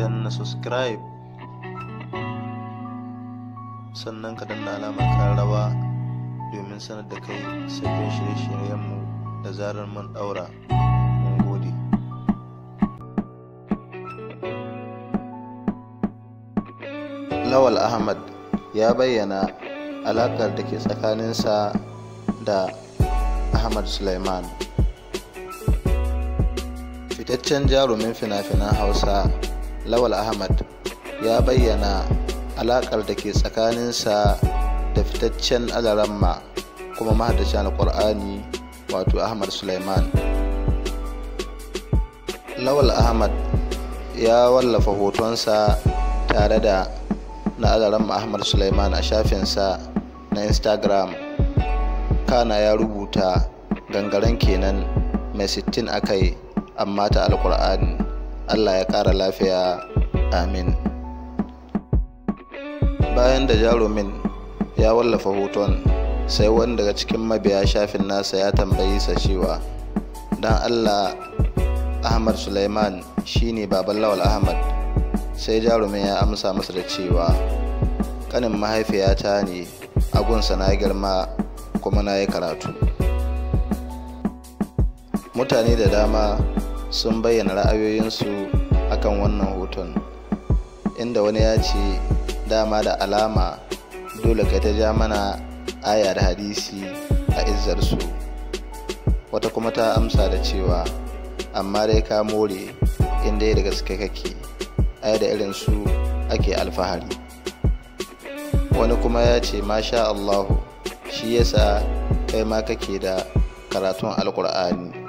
dan na subscribe sannan ka danna alamar kararrawa domin sanar da kai sabbin shirye-shiryenmu da zarar mun daura lawal ahmad ya bayyana alaƙar da ke tsakaninsa da ahmad suleiman fitaccen jarumin fina-finan hausa lawal ahmad ya bayyana alaƙar da ke tsakaninsa da fitaccen alaramma kuma mahaddaci alƙur'ani wato ahmad suleiman lawal ahmad ya wallafa hotonsa tare da na alaramma ahmad suleiman a shafinsa na instagram kana ya rubuta gangaren kenan mai sittin akai amma ta alƙur'ani allah ya ƙara lafiya amin bayan da jarumin ya wallafa hoton sai wani daga cikin mabiya shafin nasa ya tambayi sa cewa don allah ahmad suleiman shine baban lawal ahmad sai jarumin ya amsa masa da cewa kanin mahaifiyata ne agunsa na girma kuma na yi karatu mutane da dama sun bayyana ra'ayoyinsu akan wannan hoton inda wani ya ce dama da alama dole kai ta ja mana aya da hadisi a izzarsu wata kuma ta amsa da cewa amma dai ka more inda ya da gaske kake ai da irinsu su ake alfahari wani kuma ya ce masha allahu shi yasa kai ma kake da karatun alkur'ani